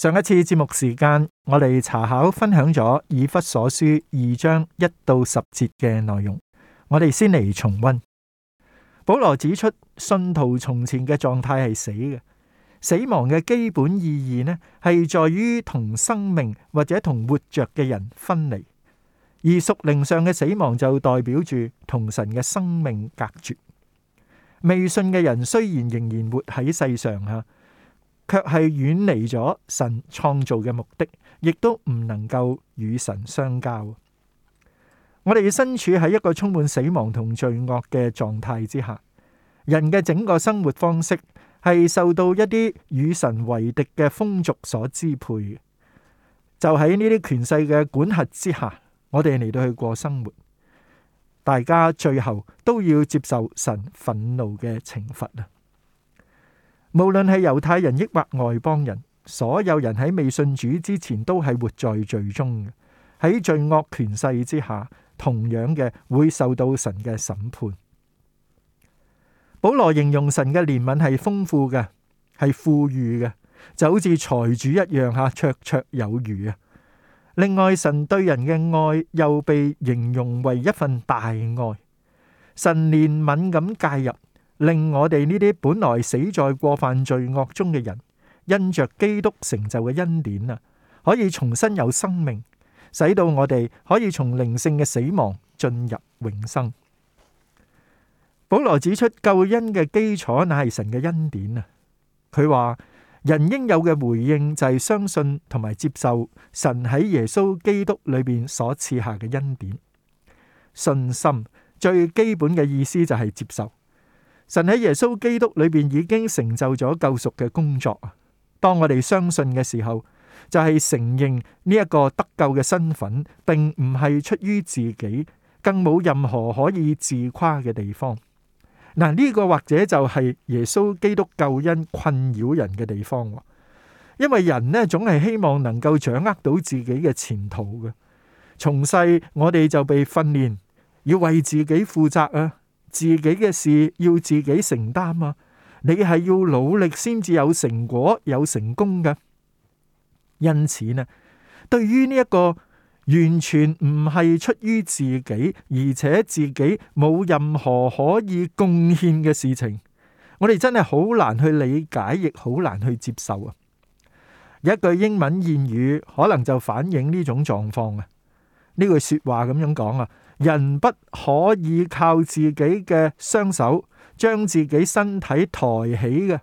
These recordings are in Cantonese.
上一次節目時間，我哋查考分享咗《以弗所書》二章一到十節嘅內容。我哋先嚟重溫。保羅指出，信徒從前嘅狀態係死嘅。死亡嘅基本意義呢，係在於同生命或者同活着嘅人分離。而屬靈上嘅死亡就代表住同神嘅生命隔絕。未信嘅人雖然仍然活喺世上啊。卻係遠離咗神創造嘅目的，亦都唔能夠與神相交。我哋身處喺一個充滿死亡同罪惡嘅狀態之下，人嘅整個生活方式係受到一啲與神為敵嘅風俗所支配。就喺呢啲權勢嘅管轄之下，我哋嚟到去過生活，大家最後都要接受神憤怒嘅懲罰啊！無論係猶太人抑或外邦人，所有人喺未信主之前都係活在罪中嘅，喺罪惡權勢之下，同樣嘅會受到神嘅審判。保羅形容神嘅憐憫係豐富嘅，係富裕嘅，就好似財主一樣吓，綽綽有餘啊。另外，神對人嘅愛又被形容為一份大愛，神憐憫咁介入。令我哋呢啲本來死在過犯罪惡中嘅人，因着基督成就嘅恩典啊，可以重新有生命，使到我哋可以從靈性嘅死亡進入永生。保羅指出，救恩嘅基礎乃係神嘅恩典啊。佢話人應有嘅回應就係相信同埋接受神喺耶穌基督裏邊所賜下嘅恩典。信心最基本嘅意思就係接受。神喺耶穌基督裏邊已經成就咗救贖嘅工作啊！當我哋相信嘅時候，就係、是、承認呢一個得救嘅身份，並唔係出於自己，更冇任何可以自誇嘅地方。嗱、這、呢個或者就係耶穌基督救恩困擾人嘅地方，因為人呢總係希望能夠掌握到自己嘅前途嘅。從細我哋就被訓練要為自己負責啊！自己嘅事要自己承擔啊，你係要努力先至有成果、有成功嘅。因此呢，對於呢一個完全唔係出於自己，而且自己冇任何可以貢獻嘅事情，我哋真係好難去理解，亦好難去接受啊！一句英文諺語可能就反映呢種狀況啊！呢句說話咁樣講啊！人不可以靠自己嘅雙手將自己身體抬起嘅，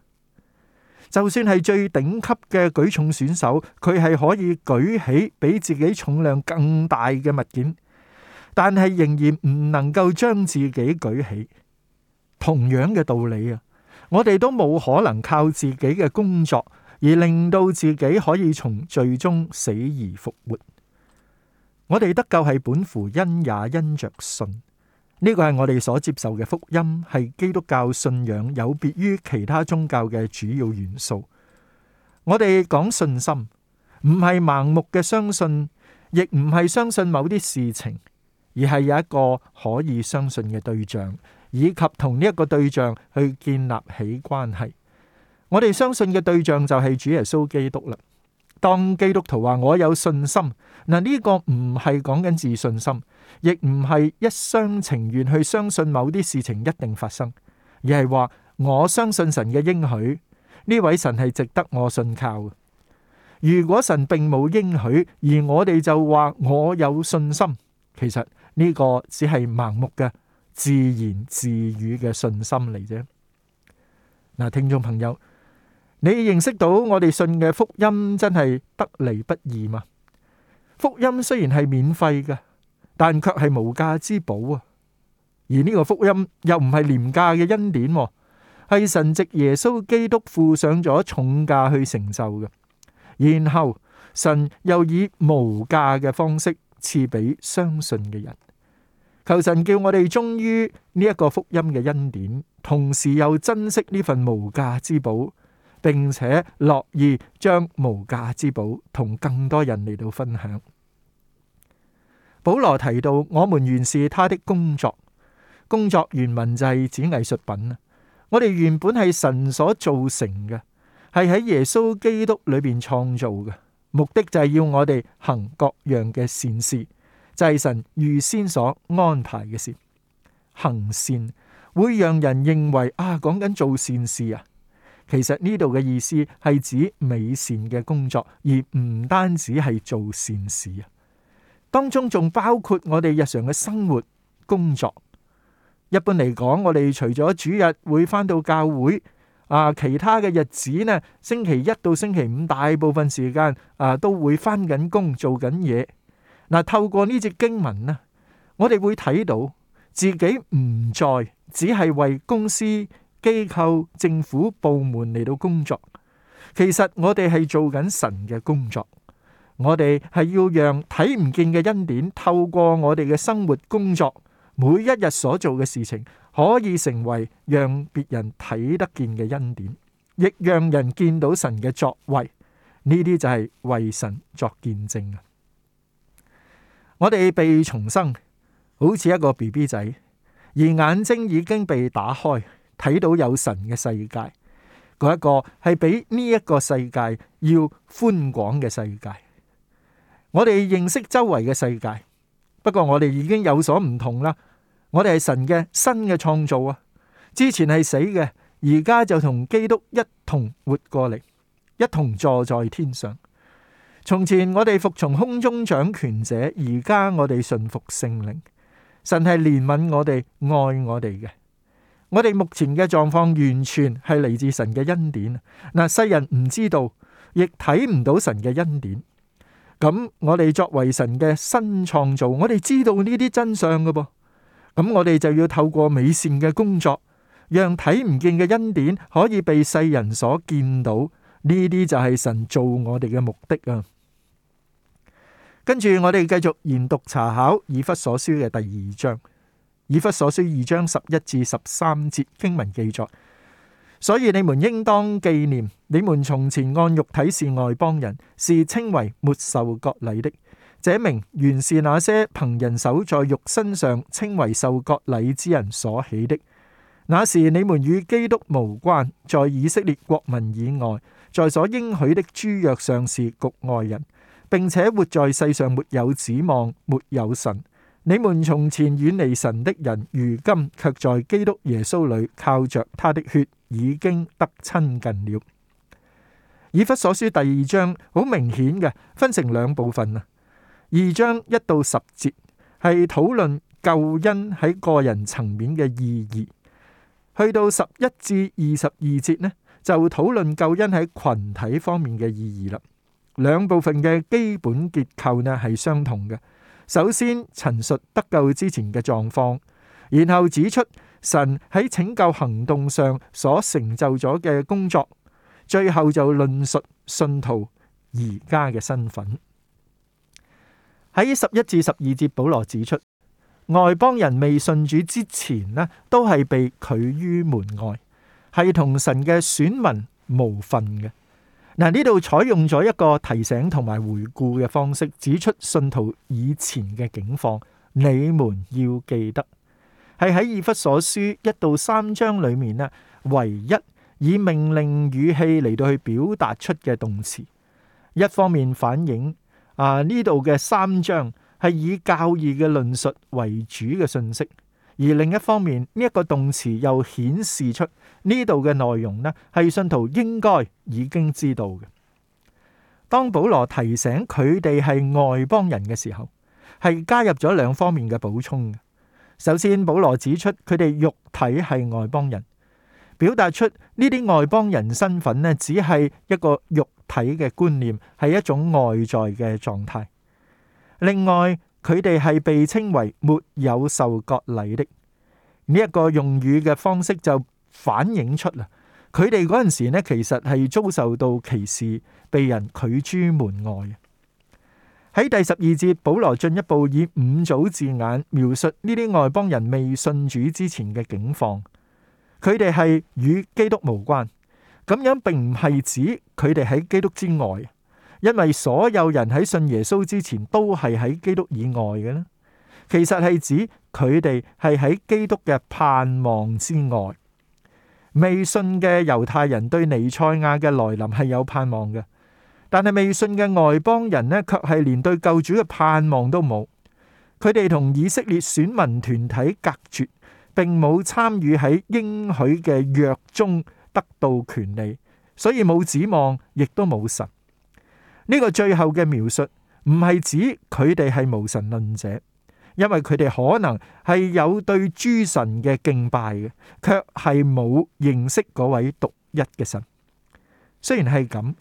就算係最頂級嘅舉重選手，佢係可以舉起比自己重量更大嘅物件，但係仍然唔能夠將自己舉起。同樣嘅道理啊，我哋都冇可能靠自己嘅工作而令到自己可以從最終死而復活。我哋得救係本乎恩也因着信，呢個係我哋所接受嘅福音，係基督教信仰有別於其他宗教嘅主要元素。我哋講信心，唔係盲目嘅相信，亦唔係相信某啲事情，而係有一個可以相信嘅對象，以及同呢一個對象去建立起關係。我哋相信嘅對象就係主耶穌基督啦。當基督徒話，我有信心，嗱，這、呢個唔係講緊自信心，亦唔係一廂情願去相信某啲事情一定發生，而係話我相信神嘅應許，呢位神係值得我信靠嘅。如果神並冇應許，而我哋就話我有信心，其實呢個只係盲目嘅自言自語嘅信心嚟啫。嗱，聽眾朋友。你認識到我哋信嘅福音真係得嚟不易嘛？福音雖然係免費嘅，但卻係無價之寶啊！而呢個福音又唔係廉價嘅恩典，係神藉耶穌基督付上咗重價去成就嘅。然後神又以無價嘅方式賜俾相信嘅人。求神叫我哋忠於呢一個福音嘅恩典，同時又珍惜呢份無價之寶。並且樂意將無價之寶同更多人嚟到分享。保羅提到，我們原是他的工作，工作原文就係指藝術品啊。我哋原本係神所造成嘅，係喺耶穌基督裏邊創造嘅，目的就係要我哋行各樣嘅善事，就係神預先所安排嘅事。行善會讓人認為啊，講緊做善事啊。其實呢度嘅意思係指美善嘅工作，而唔單止係做善事啊。當中仲包括我哋日常嘅生活、工作。一般嚟講，我哋除咗主日會翻到教會啊，其他嘅日子呢，星期一到星期五大部分時間啊都會翻緊工、做緊嘢。嗱、啊，透過呢節經文呢，我哋會睇到自己唔再只係為公司。機構、政府部門嚟到工作，其實我哋係做緊神嘅工作。我哋係要讓睇唔見嘅恩典透過我哋嘅生活、工作，每一日所做嘅事情，可以成為讓別人睇得見嘅恩典，亦讓人見到神嘅作為。呢啲就係為神作見證啊！我哋被重生，好似一個 BB 仔，而眼睛已經被打開。睇到有神嘅世界，嗰一個係比呢一個世界要寬廣嘅世界。我哋認識周圍嘅世界，不過我哋已經有所唔同啦。我哋係神嘅新嘅創造啊！之前係死嘅，而家就同基督一同活過嚟，一同坐在天上。從前我哋服從空中掌權者，而家我哋順服聖靈。神係憐憫我哋、愛我哋嘅。我哋目前嘅狀況完全係嚟自神嘅恩典，嗱，世人唔知道，亦睇唔到神嘅恩典。咁我哋作為神嘅新創造，我哋知道呢啲真相嘅噃。咁我哋就要透過美善嘅工作，讓睇唔見嘅恩典可以被世人所見到。呢啲就係神做我哋嘅目的啊！跟住我哋繼續研讀查考以弗所書嘅第二章。以弗所書二章十一至十三節經文記載，所以你們應當紀念，你們從前按肉體是外邦人，是稱為沒受割禮的。這名原是那些憑人手在肉身上稱為受割禮之人所起的。那時你們與基督無關，在以色列國民以外，在所應許的諸約上是局外人，並且活在世上沒有指望，沒有神。你們從前遠離神的人，如今卻在基督耶穌裏靠着他的血，已經得親近了。以弗所書第二章好明顯嘅分成兩部分啊，二章一到十節係討論救恩喺個人層面嘅意義，去到十一至二十二節呢就討論救恩喺群體方面嘅意義啦。兩部分嘅基本結構呢係相同嘅。首先陳述得救之前嘅狀況，然後指出神喺拯救行動上所成就咗嘅工作，最後就論述信徒而家嘅身份。喺十一至十二節，保羅指出外邦人未信主之前呢，都係被拒於門外，係同神嘅選民無份嘅。嗱，呢度採用咗一個提醒同埋回顧嘅方式，指出信徒以前嘅境況。你們要記得，係喺以弗所書一到三章裡面咧，唯一以命令語氣嚟到去表達出嘅動詞。一方面反映啊，呢度嘅三章係以教義嘅論述為主嘅信息。而另一方面，呢一個動詞又顯示出呢度嘅內容呢，係信徒應該已經知道嘅。當保羅提醒佢哋係外邦人嘅時候，係加入咗兩方面嘅補充。首先，保羅指出佢哋肉體係外邦人，表達出呢啲外邦人身份呢，只係一個肉體嘅觀念，係一種外在嘅狀態。另外，佢哋係被稱為沒有受割禮的呢一個用語嘅方式就反映出啦，佢哋嗰陣時咧其實係遭受到歧視，被人拒諸門外。喺第十二節，保羅進一步以五組字眼描述呢啲外邦人未信主之前嘅境況。佢哋係與基督無關，咁樣並唔係指佢哋喺基督之外。因為所有人喺信耶穌之前都係喺基督以外嘅咧，其實係指佢哋係喺基督嘅盼望之外，未信嘅猶太人對彌賽亞嘅來臨係有盼望嘅，但係未信嘅外邦人咧，卻係連對救主嘅盼望都冇。佢哋同以色列選民團體隔絕，並冇參與喺應許嘅約中得到權利，所以冇指望，亦都冇神。呢個最後嘅描述唔係指佢哋係無神論者，因為佢哋可能係有對諸神嘅敬拜嘅，卻係冇認識嗰位獨一嘅神。雖然係咁，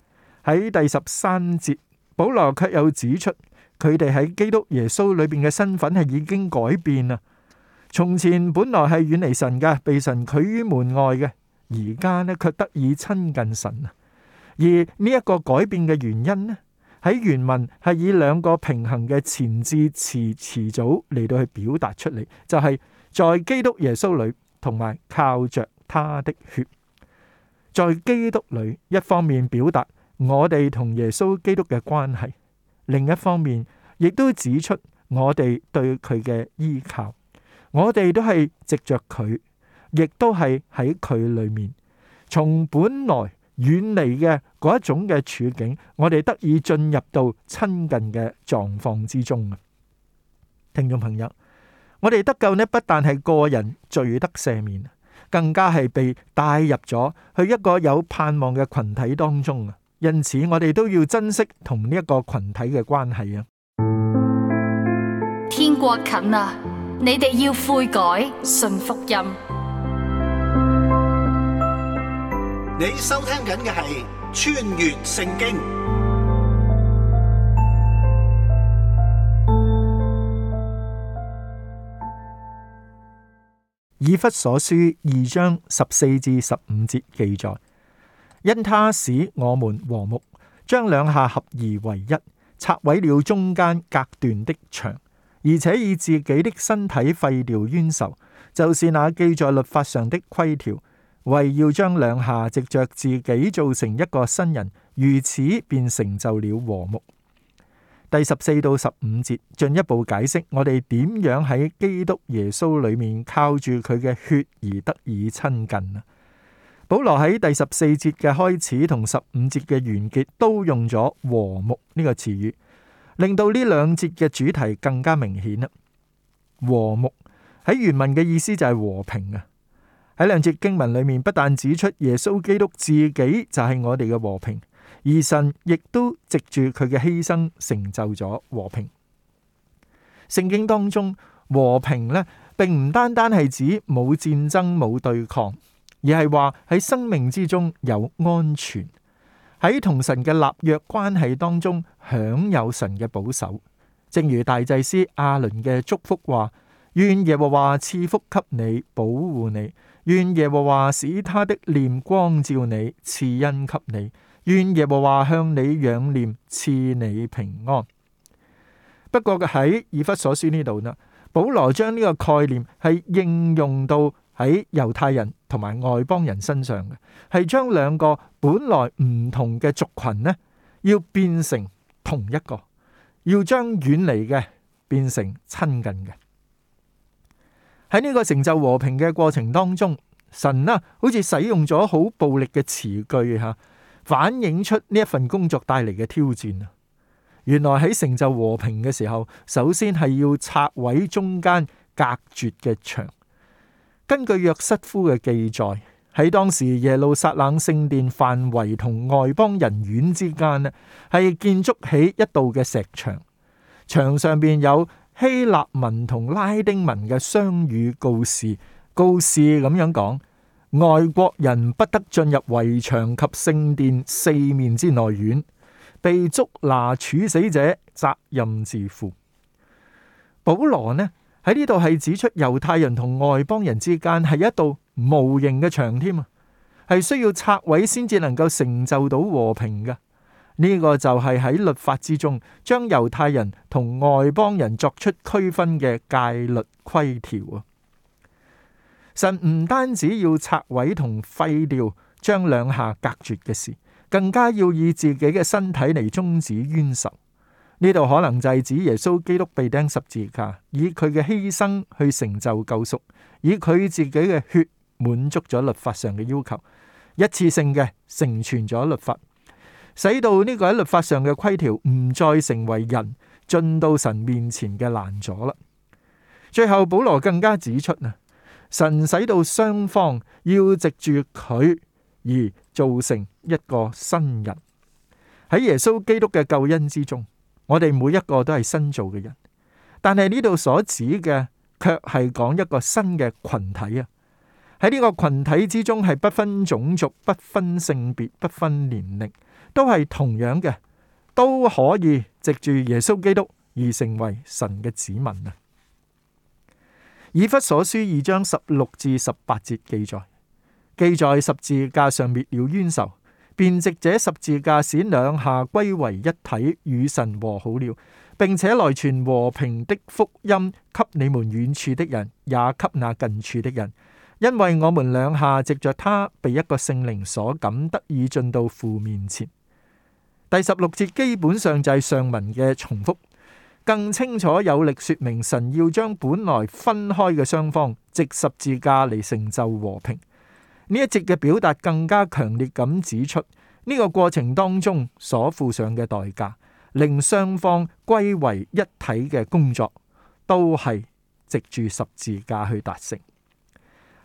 喺第十三節，保羅卻又指出佢哋喺基督耶穌裏面嘅身份係已經改變啦！從前本來係遠離神嘅，被神拒於門外嘅，而家咧卻得以親近神而呢一個改變嘅原因呢？喺原文係以兩個平衡嘅前置詞詞組嚟，到去表達出嚟，就係、是、在基督耶穌裏，同埋靠着他的血。在基督裏，一方面表達我哋同耶穌基督嘅關係，另一方面亦都指出我哋對佢嘅依靠。我哋都係藉着佢，亦都係喺佢裏面，從本來。遠離嘅嗰一種嘅處境，我哋得以進入到親近嘅狀況之中啊！聽眾朋友，我哋得救呢，不但係個人罪得赦免，更加係被帶入咗去一個有盼望嘅群體當中啊！因此，我哋都要珍惜同呢一個群體嘅關係啊！天國近啊，你哋要悔改，信福音。你收聽緊嘅係《穿越聖經》，以弗所書二章十四至十五節記載：因他使我們和睦，將兩下合而為一，拆毀了中間隔斷的牆，而且以自己的身體廢掉冤仇，就是那記在律法上的規條。為要將兩下藉着自己造成一個新人，如此便成就了和睦。第十四到十五節進一步解釋我哋點樣喺基督耶穌裏面靠住佢嘅血而得以親近啊！保羅喺第十四節嘅開始同十五節嘅完結都用咗和睦呢個詞語，令到呢兩節嘅主題更加明顯啦。和睦喺原文嘅意思就係和平啊！喺兩節經文裏面，不但指出耶穌基督自己就係我哋嘅和平，而神亦都藉住佢嘅犧牲成就咗和平。聖經當中和平呢，並唔單單係指冇戰爭冇對抗，而係話喺生命之中有安全，喺同神嘅立約關係當中享有神嘅保守。正如大祭司亞倫嘅祝福話：願耶和華賜福給你，保護你。願耶和華使他的臉光照你，賜恩給你；願耶和華向你仰念，賜你平安。不過嘅喺以弗所書呢度呢，保羅將呢個概念係應用到喺猶太人同埋外邦人身上嘅，係將兩個本來唔同嘅族群呢，要變成同一個，要將遠離嘅變成親近嘅。喺呢個成就和平嘅過程當中，神啊，好似使用咗好暴力嘅詞句吓，啊，反映出呢一份工作帶嚟嘅挑戰啊！原來喺成就和平嘅時候，首先係要拆毀中間隔絕嘅牆。根據約瑟夫嘅記載，喺當時耶路撒冷聖殿範圍同外邦人院之間咧，係建築起一道嘅石牆，牆上邊有。希臘文同拉丁文嘅雙語告示，告示咁樣講：外國人不得進入圍牆及聖殿四面之內院，被捉拿處死者責任自負。保羅呢，喺呢度係指出猶太人同外邦人之間係一道無形嘅牆添啊，係需要拆毀先至能夠成就到和平㗎。呢個就係喺律法之中，將猶太人同外邦人作出區分嘅戒律規條啊！神唔單止要拆毀同廢掉將兩下隔絕嘅事，更加要以自己嘅身體嚟終止冤仇。呢度可能就係指耶穌基督被釘十字架，以佢嘅犧牲去成就救贖，以佢自己嘅血滿足咗律法上嘅要求，一次性嘅成全咗律法。使到呢個喺律法上嘅規條唔再成為人進到神面前嘅難阻啦。最後保羅更加指出啊，神使到雙方要藉住佢而造成一個新人。喺耶穌基督嘅救恩之中，我哋每一個都係新造嘅人。但係呢度所指嘅卻係講一個新嘅群體啊。喺呢個群體之中，係不分種族、不分性別、不分年齡。都係同樣嘅，都可以藉住耶穌基督而成為神嘅子民啊！以弗所書二章十六至十八節記載，記載，十字架上滅了冤仇，便藉這十字架使兩下歸為一體，與神和好了，並且來傳和平的福音給你們遠處的人，也給那近處的人，因為我們兩下藉着他被一個聖靈所感，得以進到父面前。第十六節基本上就係上文嘅重複，更清楚有力說明神要將本來分開嘅雙方藉十字架嚟成就和平。呢一節嘅表達更加強烈咁指出，呢個過程當中所付上嘅代價，令雙方歸為一體嘅工作，都係藉住十字架去達成。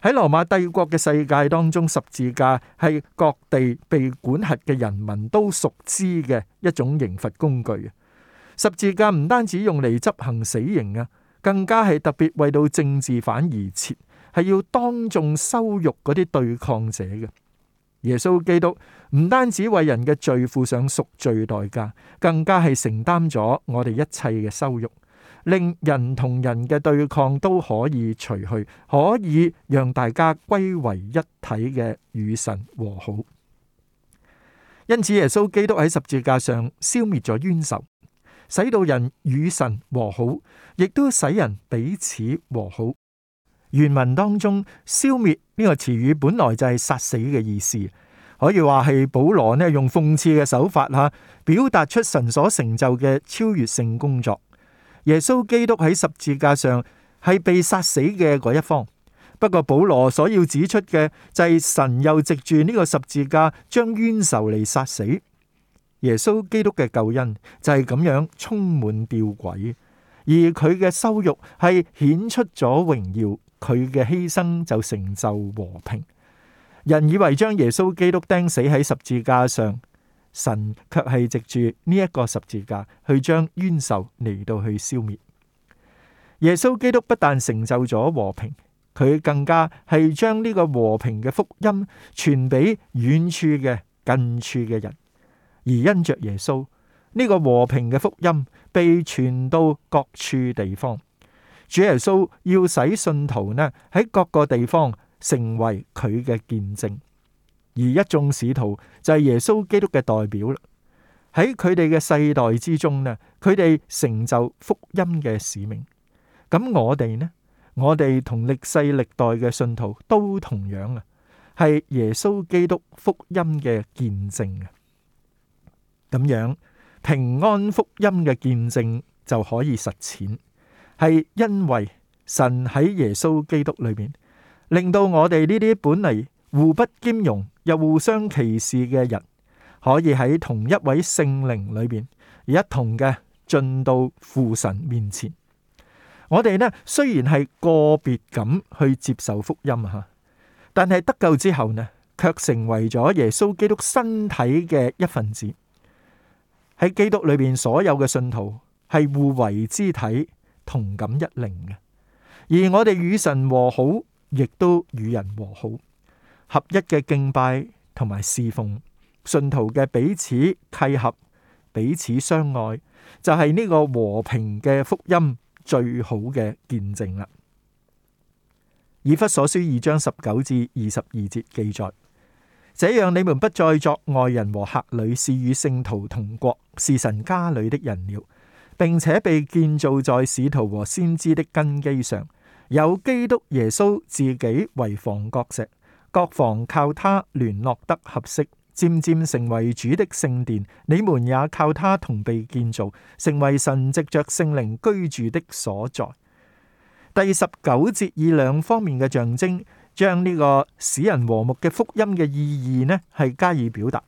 喺羅馬帝國嘅世界當中，十字架係各地被管轄嘅人民都熟知嘅一種刑罰工具。十字架唔單止用嚟執行死刑啊，更加係特別為到政治犯而設，係要當眾羞辱嗰啲對抗者嘅。耶穌基督唔單止為人嘅罪付上贖罪代價，更加係承擔咗我哋一切嘅羞辱。令人同人嘅對抗都可以除去，可以讓大家歸為一體嘅與神和好。因此，耶穌基督喺十字架上消滅咗冤仇，使到人與神和好，亦都使人彼此和好。原文當中“消滅”呢個詞語本來就係殺死嘅意思，可以話係保羅呢用諷刺嘅手法吓，表達出神所成就嘅超越性工作。耶穌基督喺十字架上係被殺死嘅嗰一方，不過保羅所要指出嘅就係神又藉住呢個十字架將冤仇嚟殺死。耶穌基督嘅救恩就係咁樣充滿吊詭，而佢嘅羞辱係顯出咗榮耀，佢嘅犧牲就成就和平。人以為將耶穌基督釘死喺十字架上。神卻係藉住呢一個十字架去將冤仇嚟到去消滅。耶穌基督不但成就咗和平，佢更加係將呢個和平嘅福音傳俾遠處嘅近處嘅人，而因着耶穌呢個和平嘅福音被傳到各處地方。主耶穌要使信徒呢，喺各個地方成為佢嘅見證。而一眾使徒就係耶穌基督嘅代表啦，喺佢哋嘅世代之中咧，佢哋成就福音嘅使命。咁我哋呢，我哋同歷世歷代嘅信徒都同樣啊，係耶穌基督福音嘅見證啊。咁樣平安福音嘅見證就可以實踐，係因為神喺耶穌基督裏面，令到我哋呢啲本嚟。互不兼容又互相歧視嘅人，可以喺同一位聖靈裏邊而一同嘅進到父神面前。我哋呢雖然係個別咁去接受福音啊，但係得救之後呢，卻成為咗耶穌基督身體嘅一份子。喺基督裏邊，所有嘅信徒係互為肢體，同感一靈嘅。而我哋與神和好，亦都與人和好。合一嘅敬拜同埋侍奉，信徒嘅彼此契合、彼此相愛，就係、是、呢個和平嘅福音最好嘅見證啦。以弗所書二章十九至二十二節記載：這樣你們不再作外人和客旅，是與聖徒同國，是神家裏的人了，並且被建造在使徒和先知的根基上，有基督耶穌自己為房角石。各房靠他聯絡得合適，漸漸成為主的聖殿。你們也靠他同被建造，成為神藉着聖靈居住的所在。第十九節以兩方面嘅象徵，將呢個使人和睦嘅福音嘅意義呢係加以表達。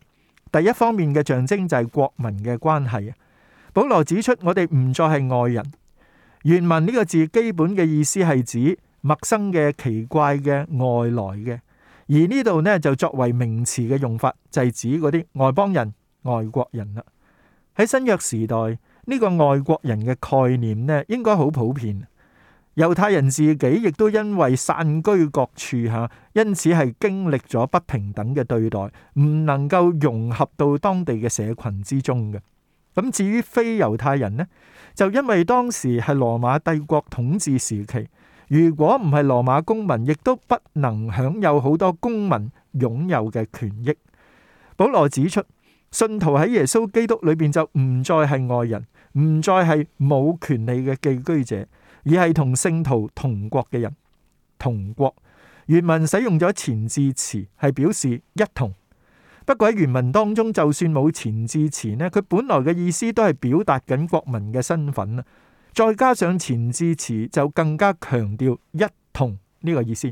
第一方面嘅象徵就係國民嘅關係。保羅指出，我哋唔再係外人。原文呢個字基本嘅意思係指陌生嘅、奇怪嘅、外來嘅。而呢度呢，就作為名詞嘅用法，就係指嗰啲外邦人、外國人啦。喺新約時代呢個外國人嘅概念呢，應該好普遍。猶太人自己亦都因為散居各處吓，因此係經歷咗不平等嘅對待，唔能夠融合到當地嘅社群之中嘅。咁至於非猶太人呢，就因為當時係羅馬帝國統治時期。如果唔係羅馬公民，亦都不能享有好多公民擁有嘅權益。保羅指出，信徒喺耶穌基督裏邊就唔再係外人，唔再係冇權利嘅寄居者，而係同聖徒同國嘅人。同國原文使用咗前置詞，係表示一同。不過喺原文當中，就算冇前置詞呢，佢本來嘅意思都係表達緊國民嘅身份啦。再加上前置詞就更加強調一同呢個意思，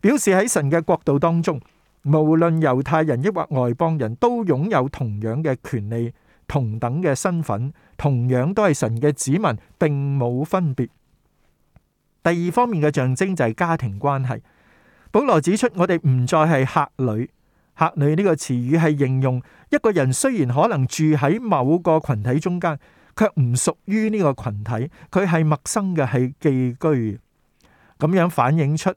表示喺神嘅國度當中，無論猶太人抑或外邦人都擁有同樣嘅權利、同等嘅身份、同樣都係神嘅子民，並冇分別。第二方面嘅象徵就係家庭關係。保羅指出，我哋唔再係「客旅」。「客旅」呢個詞語係形容一個人雖然可能住喺某個群體中間。卻唔屬於呢個群體，佢係陌生嘅，係寄居，咁樣反映出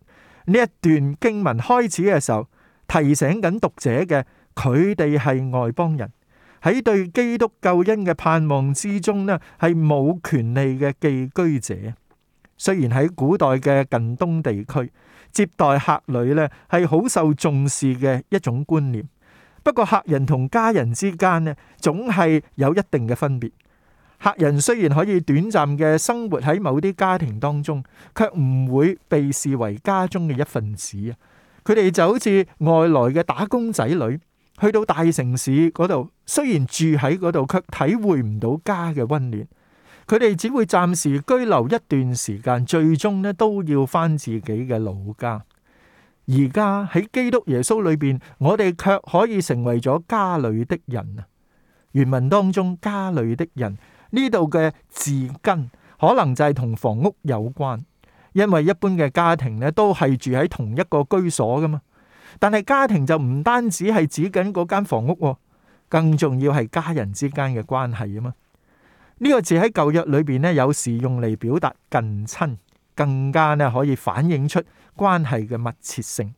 呢一段經文開始嘅時候，提醒緊讀者嘅，佢哋係外邦人，喺對基督救恩嘅盼望之中呢，係冇權利嘅寄居者。雖然喺古代嘅近東地區接待客旅呢係好受重視嘅一種觀念，不過客人同家人之間呢，總係有一定嘅分別。客人雖然可以短暫嘅生活喺某啲家庭當中，卻唔會被視為家中嘅一份子啊！佢哋就好似外來嘅打工仔女，去到大城市嗰度，雖然住喺嗰度，卻體會唔到家嘅溫暖。佢哋只會暫時居留一段時間，最終咧都要返自己嘅老家。而家喺基督耶穌裏邊，我哋卻可以成為咗家裏的人啊！原文當中，家裏的人。呢度嘅字根可能就係同房屋有關，因為一般嘅家庭咧都係住喺同一個居所噶嘛。但係家庭就唔單止係指緊嗰間房屋，更重要係家人之間嘅關係啊嘛。呢個字喺舊約裏邊咧，有時用嚟表達近親，更加咧可以反映出關係嘅密切性。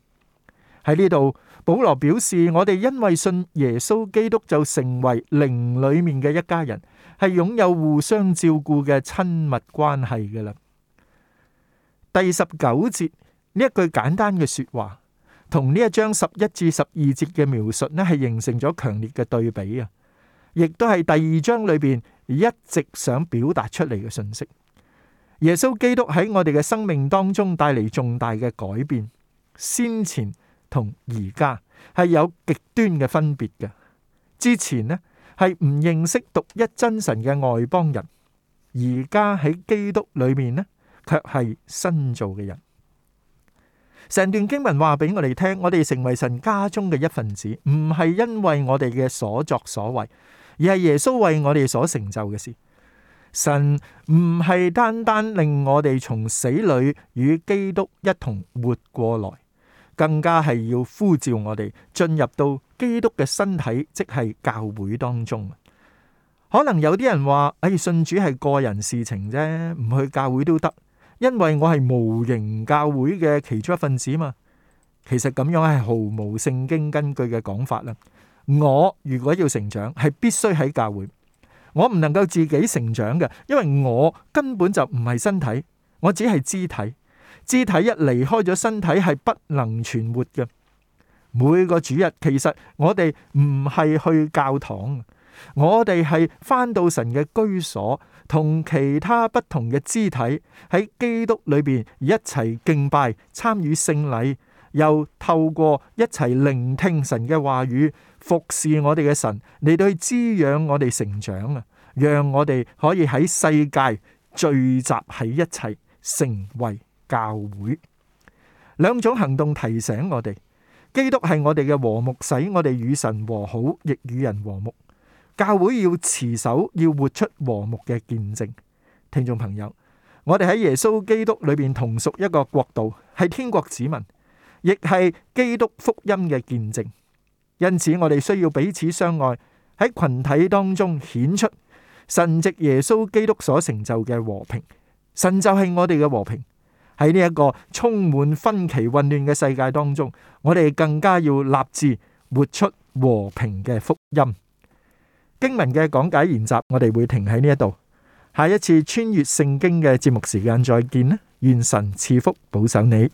喺呢度，保羅表示我哋因為信耶穌基督，就成為靈裏面嘅一家人。係擁有互相照顧嘅親密關係嘅啦。第十九節呢一句簡單嘅說話，同呢一章十一至十二節嘅描述呢，係形成咗強烈嘅對比啊！亦都係第二章裏邊一直想表達出嚟嘅信息。耶穌基督喺我哋嘅生命當中帶嚟重大嘅改變，先前同而家係有極端嘅分別嘅。之前呢？係唔認識獨一真神嘅外邦人，而家喺基督裏面呢，卻係新造嘅人。成段經文話俾我哋聽，我哋成為神家中嘅一份子，唔係因為我哋嘅所作所為，而係耶穌為我哋所成就嘅事。神唔係單單令我哋從死裏與基督一同活過來，更加係要呼召我哋進入到基督嘅身體即係教會當中，可能有啲人話：哎，信主係個人事情啫，唔去教會都得，因為我係無形教會嘅其中一份子嘛。其實咁樣係毫無聖經根據嘅講法啦。我如果要成長，係必須喺教會，我唔能夠自己成長嘅，因為我根本就唔係身體，我只係肢體，肢體一離開咗身體係不能存活嘅。每個主日，其實我哋唔係去教堂，我哋係返到神嘅居所，同其他不同嘅肢體喺基督裏邊一齊敬拜，參與聖禮，又透過一齊聆聽神嘅話語，服侍我哋嘅神，嚟到去滋養我哋成長啊！讓我哋可以喺世界聚集喺一齊，成為教會。兩種行動提醒我哋。基督係我哋嘅和睦，使我哋與神和好，亦與人和睦。教會要持守，要活出和睦嘅見證。聽眾朋友，我哋喺耶穌基督裏面同屬一個國度，係天國子民，亦係基督福音嘅見證。因此，我哋需要彼此相愛，喺群體當中顯出神藉耶穌基督所成就嘅和平。神就係我哋嘅和平。喺呢一個充滿分歧混亂嘅世界當中，我哋更加要立志活出和平嘅福音。經文嘅講解研習，我哋會停喺呢一度。下一次穿越聖經嘅節目時間再見啦！願神賜福保守你。